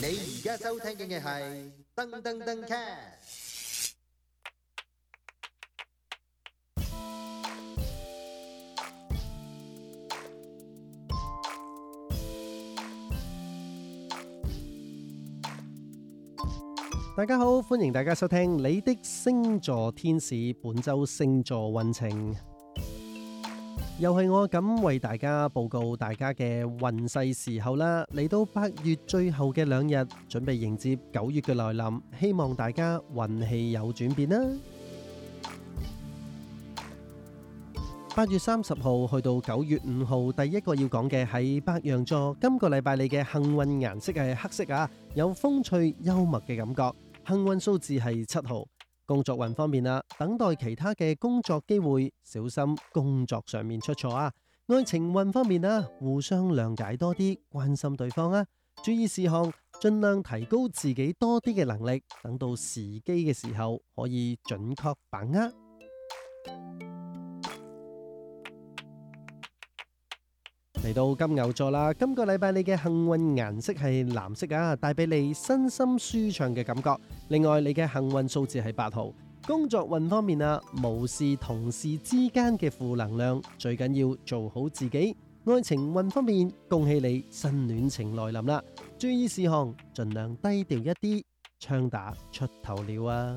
你而家收聽嘅係噔噔噔 cast。大家好，歡迎大家收聽你的星座天使本周星座運程。又係我咁為大家報告大家嘅運勢時候啦，嚟到八月最後嘅兩日，準備迎接九月嘅來臨，希望大家運氣有轉變啦。八月三十號去到九月五號，第一個要講嘅係白羊座，今個禮拜你嘅幸運顏色係黑色啊，有風趣幽默嘅感覺，幸運數字係七號。工作運方面啊，等待其他嘅工作機會，小心工作上面出錯啊。愛情運方面啊，互相諒解多啲，關心對方啊，注意事項，盡量提高自己多啲嘅能力，等到時機嘅時候可以準確把握。嚟到金牛座啦，今個禮拜你嘅幸運顏色係藍色啊，帶俾你身心舒暢嘅感覺。另外，你嘅幸運數字係八號。工作運方面啊，無視同事之間嘅負能量，最緊要做好自己。愛情運方面，恭喜你新戀情來臨啦，注意事項，盡量低調一啲，槍打出頭鳥啊！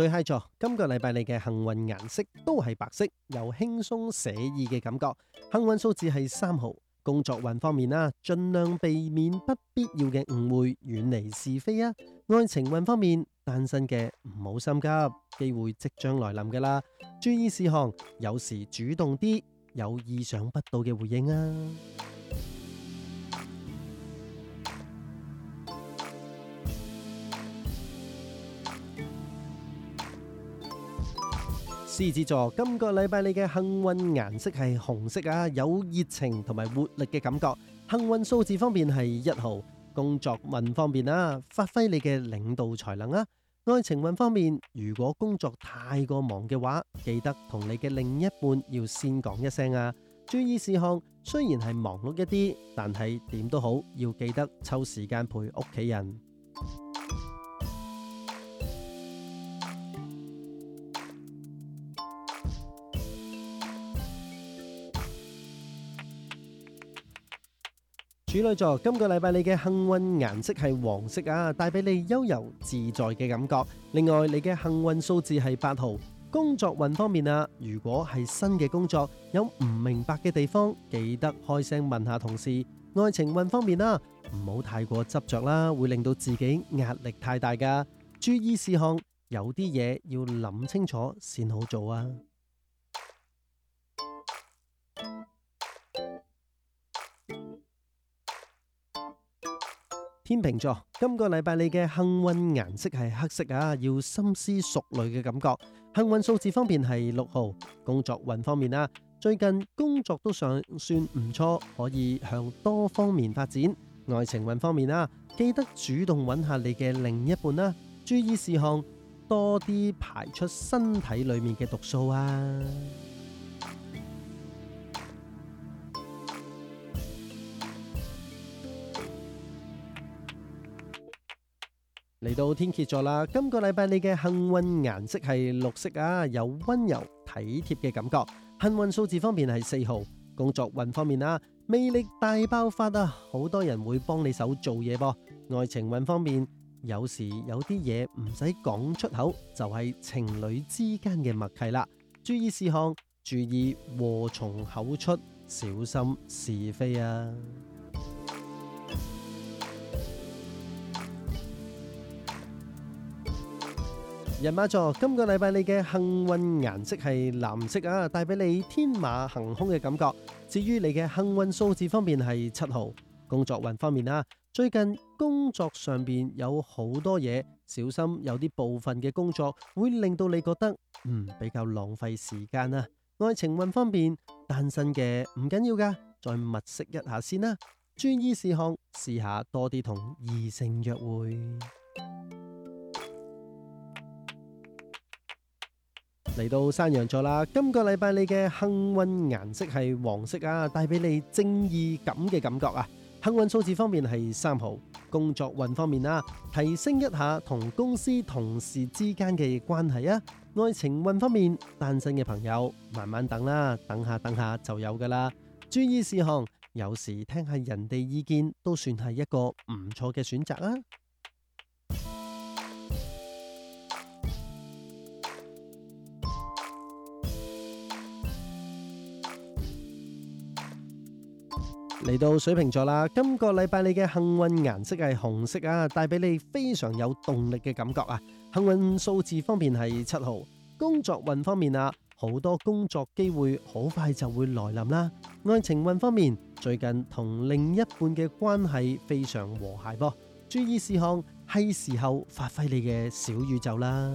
巨蟹座，今個禮拜你嘅幸運顏色都係白色，有輕鬆寫意嘅感覺。幸運數字係三號。工作運方面啦，盡量避免不必要嘅誤會，遠離是非啊。愛情運方面，單身嘅唔好心急，機會即將來臨㗎喇，注意事項，有時主動啲，有意想不到嘅回應啊。獅子座，今個禮拜你嘅幸運顏色係紅色啊，有熱情同埋活力嘅感覺。幸運數字方面係一號。工作運方面啊，發揮你嘅領導才能啊。愛情運方面，如果工作太過忙嘅話，記得同你嘅另一半要先講一聲啊。注意事項，雖然係忙碌一啲，但係點都好，要記得抽時間陪屋企人。處女座，今個禮拜你嘅幸運顏色係黃色啊，帶俾你悠遊自在嘅感覺。另外，你嘅幸運數字係八號。工作運方面啊，如果係新嘅工作，有唔明白嘅地方，記得開聲問下同事。愛情運方面啦，唔好太過執着啦，會令到自己壓力太大噶。注意事項，有啲嘢要諗清楚先好做啊。天秤座，今個禮拜你嘅幸運顏色係黑色啊，要深思熟慮嘅感覺。幸運數字方面係六號，工作運方面啊，最近工作都尚算唔錯，可以向多方面發展。愛情運方面啊，記得主動搵下你嘅另一半啦，啊。注意事項，多啲排出身體裏面嘅毒素啊。嚟到天蠍座啦，今個禮拜你嘅幸運顏色係綠色啊，有溫柔體貼嘅感覺。幸運數字方面係四號，工作運方面啊，魅力大爆發啊，好多人會幫你手做嘢噃。愛情運方面，有時有啲嘢唔使講出口，就係情侶之間嘅默契啦。注意事項，注意禍從口出，小心是非啊！人馬座，今個禮拜你嘅幸運顏色係藍色啊，帶俾你天馬行空嘅感覺。至於你嘅幸運數字方面係七號。工作運方面啊，最近工作上邊有好多嘢，小心有啲部分嘅工作會令到你覺得嗯比較浪費時間啊。愛情運方面，單身嘅唔緊要噶，再物色一下先啦、啊。注意事項，試下多啲同異性約會。嚟到山羊座啦，今個禮拜你嘅幸運顏色係黃色啊，帶俾你正義感嘅感覺啊。幸運數字方面係三號，工作運方面啦、啊，提升一下同公司同事之間嘅關係啊。愛情運方面，單身嘅朋友慢慢等啦，等下等下就有噶啦。注意事項，有時聽下人哋意見都算係一個唔錯嘅選擇啦、啊。嚟到水瓶座啦，今個禮拜你嘅幸運顏色係紅色啊，帶俾你非常有動力嘅感覺啊。幸運數字方面係七號，工作運方面啊，好多工作機會好快就會來臨啦。愛情運方面，最近同另一半嘅關係非常和諧喎。注意事項，係時候發揮你嘅小宇宙啦。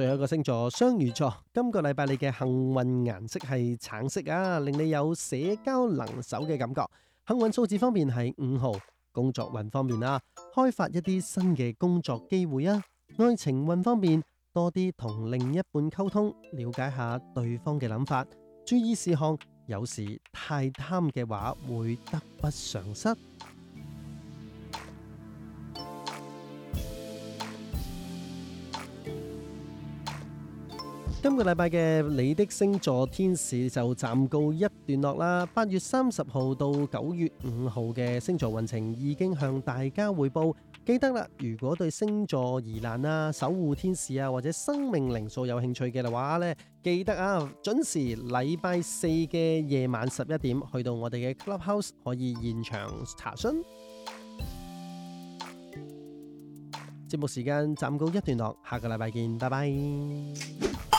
最後一個星座雙魚座，今個禮拜你嘅幸運顏色係橙色啊，令你有社交能手嘅感覺。幸運數字方面係五號，工作運方面啊，開發一啲新嘅工作機會啊。愛情運方面，多啲同另一半溝通，了解下對方嘅諗法。注意事項，有時太貪嘅話會得不償失。今個禮拜嘅你的星座天使就暫告一段落啦。八月三十號到九月五號嘅星座運程已經向大家匯報。記得啦，如果對星座疑難啊、守護天使啊或者生命靈數有興趣嘅話呢，記得啊，準時禮拜四嘅夜晚十一點去到我哋嘅 Clubhouse 可以現場查詢。節目時間暫告一段落，下個禮拜見，拜拜。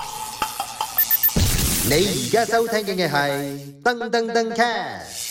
你而家收聽嘅係燈登登 cat